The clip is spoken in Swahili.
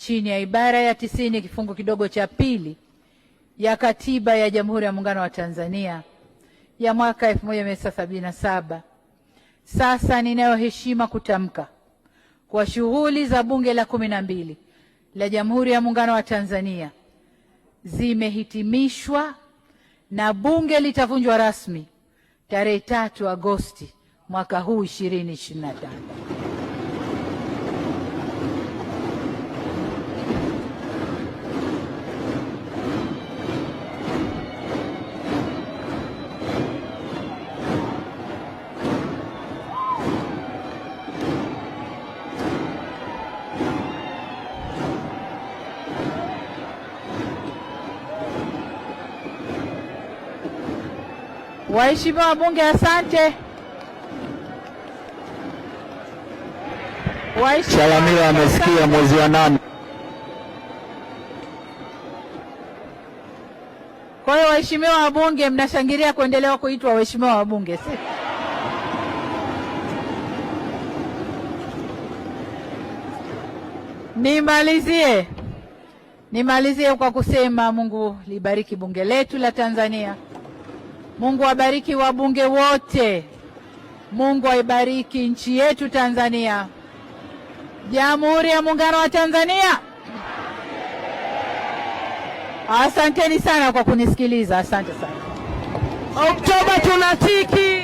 chini ya ibara ya tisini kifungu kidogo cha pili ya Katiba ya Jamhuri ya Muungano wa Tanzania ya mwaka 1977. Sasa ninayo heshima kutamka kwa shughuli za Bunge la kumi na mbili la Jamhuri ya Muungano wa Tanzania zimehitimishwa na Bunge litavunjwa rasmi tarehe 3 Agosti mwaka huu 2025. Waheshimiwa wabunge, asante. Salamiwa amesikia mwezi wa nane. Kwa hiyo waheshimiwa wabunge, mnashangilia kuendelea kuitwa waheshimiwa wabunge. Nimalizie, nimalizie kwa kusema Mungu libariki bunge letu la Tanzania. Mungu wabariki wabunge wote. Mungu aibariki nchi yetu Tanzania, Jamhuri ya Muungano wa Tanzania. Asanteni sana kwa kunisikiliza. Asante sana. Oktoba tunatiki.